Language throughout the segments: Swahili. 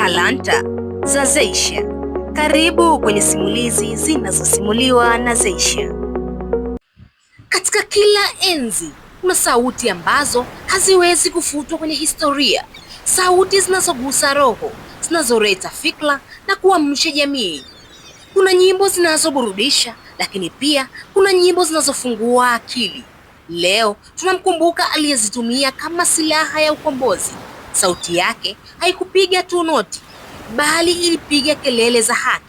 Talanta za Zeysha. Karibu kwenye simulizi zinazosimuliwa na Zeysha. Katika kila enzi kuna sauti ambazo haziwezi kufutwa kwenye historia, sauti zinazogusa roho, zinazoleta fikra na kuamsha jamii. Kuna nyimbo zinazoburudisha, lakini pia kuna nyimbo zinazofungua akili. Leo tunamkumbuka aliyezitumia kama silaha ya ukombozi Sauti yake haikupiga tu noti, bali ilipiga kelele za haki.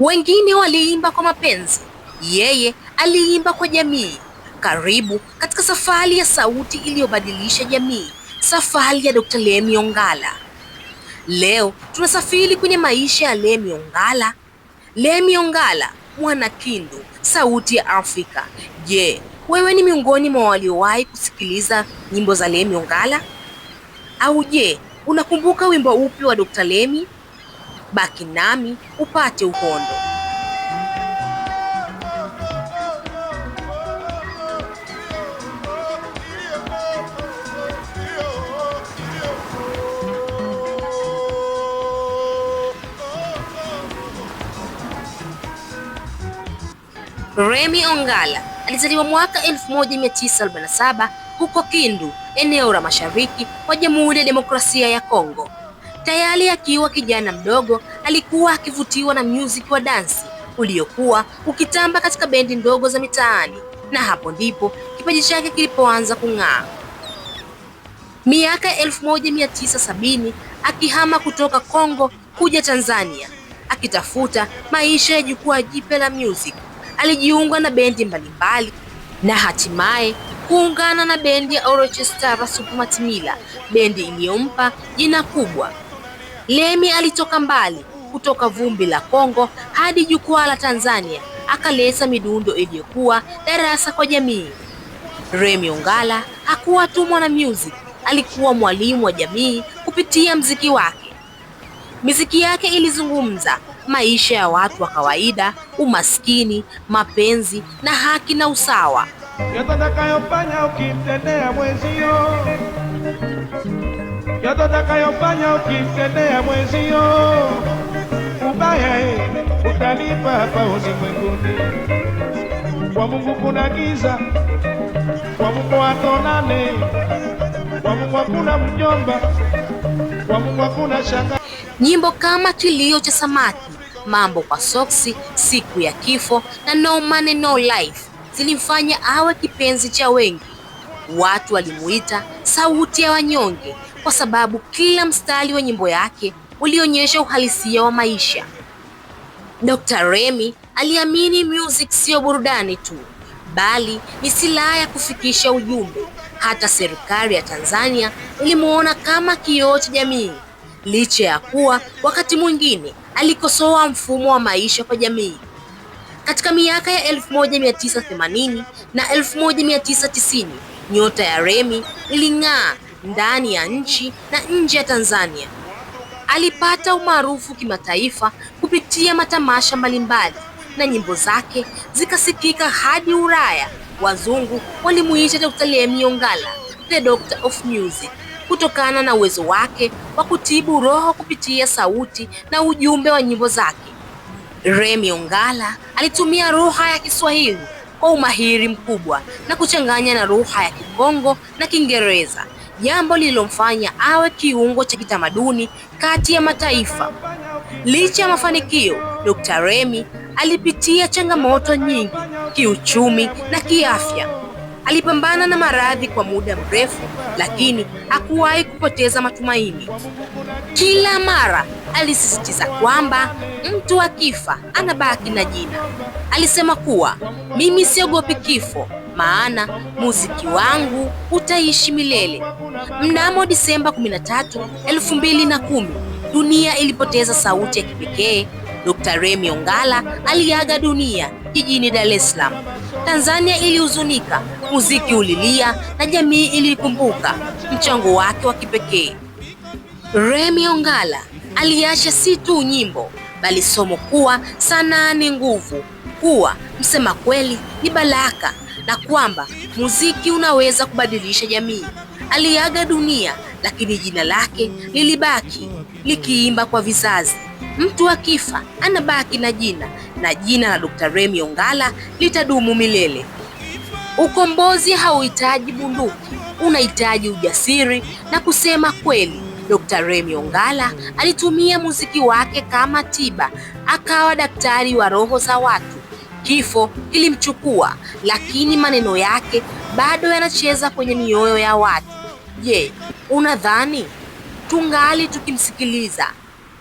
Wengine waliimba kwa mapenzi, yeye aliimba kwa jamii. Karibu katika safari ya sauti iliyobadilisha jamii, safari ya Dr. Lemi Ongala. Leo tunasafiri kwenye maisha ya Lemi Ongala. Lemi Ongala, mwana Kindu, sauti ya Afrika. Je, wewe ni miongoni mwa waliowahi kusikiliza nyimbo za Lemi Ongala? Au je, unakumbuka wimbo upi wa Dr. Lemi? Baki nami upate uhondo. Remi Ongala Alizaliwa mwaka 1947 huko Kindu, eneo la mashariki kwa Jamhuri ya Demokrasia ya Kongo. Tayari akiwa kijana mdogo alikuwa akivutiwa na muziki wa dansi uliokuwa ukitamba katika bendi ndogo za mitaani, na hapo ndipo kipaji chake kilipoanza kung'aa. Miaka 1970 akihama kutoka Kongo kuja Tanzania akitafuta maisha ya jukwaa jipya la music alijiunga na bendi mbalimbali na hatimaye kuungana na bendi ya Orchestra Supramatmila, bendi iliyompa jina kubwa. Lemi alitoka mbali kutoka vumbi la Kongo hadi jukwaa la Tanzania, akaleta midundo iliyokuwa darasa kwa jamii. Remi Ongala hakuwa tu mwana music, alikuwa mwalimu wa jamii kupitia mziki wake. Miziki yake ilizungumza maisha ya watu wa kawaida, umaskini, mapenzi na haki na usawa. Yote utakayofanya ukimtendea mwenzio, yote utakayofanya ukimtendea mwenzio, ubaya eh, utalipa hapa ulimwenguni. Kwa Mungu kuna giza, kwa Mungu hatonane, kwa Mungu hakuna mjomba, kwa Mungu hakuna shanga. Nyimbo kama Kilio cha Samaki mambo kwa soksi, siku ya kifo na no money no life zilimfanya awe kipenzi cha wengi. Watu walimuita sauti ya wanyonge kwa sababu kila mstari wa nyimbo yake ulionyesha uhalisia wa maisha. Dr. remy aliamini music siyo burudani tu, bali ni silaha ya kufikisha ujumbe. Hata serikali ya Tanzania ilimuona kama kioo cha jamii, licha ya kuwa wakati mwingine alikosoa mfumo wa maisha kwa jamii. Katika miaka ya 1980 na 1990, nyota ya Remi iling'aa ndani ya nchi na nje ya Tanzania. Alipata umaarufu kimataifa kupitia matamasha mbalimbali na nyimbo zake zikasikika hadi Ulaya. Wazungu walimuita Dr. Lemmy Ongala, the Doctor of Music kutokana na uwezo wake wa kutibu roho kupitia sauti na ujumbe wa nyimbo zake. Remi Ongala alitumia lugha ya Kiswahili kwa umahiri mkubwa na kuchanganya na lugha ya Kikongo na Kiingereza, jambo lililomfanya awe kiungo cha kitamaduni kati ya mataifa. Licha ya mafanikio, Dr. Remi alipitia changamoto nyingi kiuchumi na kiafya. Alipambana na maradhi kwa muda mrefu, lakini hakuwahi kupoteza matumaini. Kila mara alisisitiza kwamba mtu akifa anabaki na jina. Alisema kuwa mimi siogopi kifo, maana muziki wangu utaishi milele. Mnamo Disemba 13, 2010, dunia ilipoteza sauti ya kipekee. Dr. Remi Ongala aliaga dunia jijini Dar es Salaam Tanzania ilihuzunika, muziki ulilia na jamii ilikumbuka mchango wake wa kipekee. Remi Ongala aliacha si tu nyimbo, bali somo kuwa sanaa ni nguvu, kuwa msema kweli ni baraka, na kwamba muziki unaweza kubadilisha jamii. Aliaga dunia, lakini jina lake lilibaki likiimba kwa vizazi. Mtu akifa anabaki na jina, na jina la Dr. Remi Ongala litadumu milele. Ukombozi hauhitaji bunduki, unahitaji ujasiri na kusema kweli. Dr. Remi Ongala alitumia muziki wake kama tiba, akawa daktari wa roho za watu. Kifo kilimchukua, lakini maneno yake bado yanacheza kwenye mioyo ya watu. Je, unadhani tungali tukimsikiliza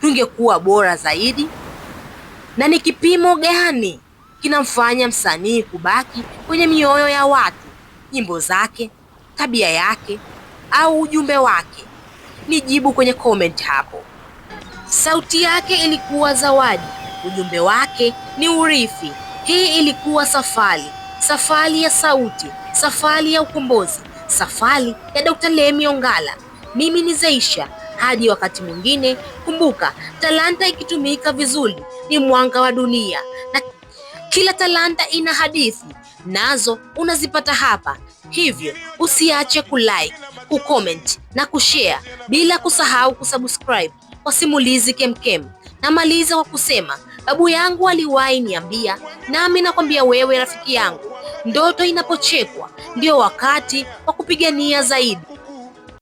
tungekuwa bora zaidi? Na ni kipimo gani kinamfanya msanii kubaki kwenye mioyo ya watu? Nyimbo zake, tabia yake, au ujumbe wake? Nijibu kwenye comment hapo. Sauti yake ilikuwa zawadi, ujumbe wake ni urithi. Hii ilikuwa safari, safari ya sauti, safari ya ukombozi, safari ya Dr. Lemi Ongala. Mimi ni Zeisha hadi wakati mwingine. Kumbuka, talanta ikitumika vizuri ni mwanga wa dunia, na kila talanta ina hadithi, nazo unazipata hapa. Hivyo usiache kulike, kucomment na kushare, bila kusahau kusubscribe kwa Simulizi Kemkem. Namaliza kwa kusema babu yangu aliwahi niambia, nami nakwambia wewe rafiki yangu, ndoto inapochekwa ndio wakati wa kupigania zaidi.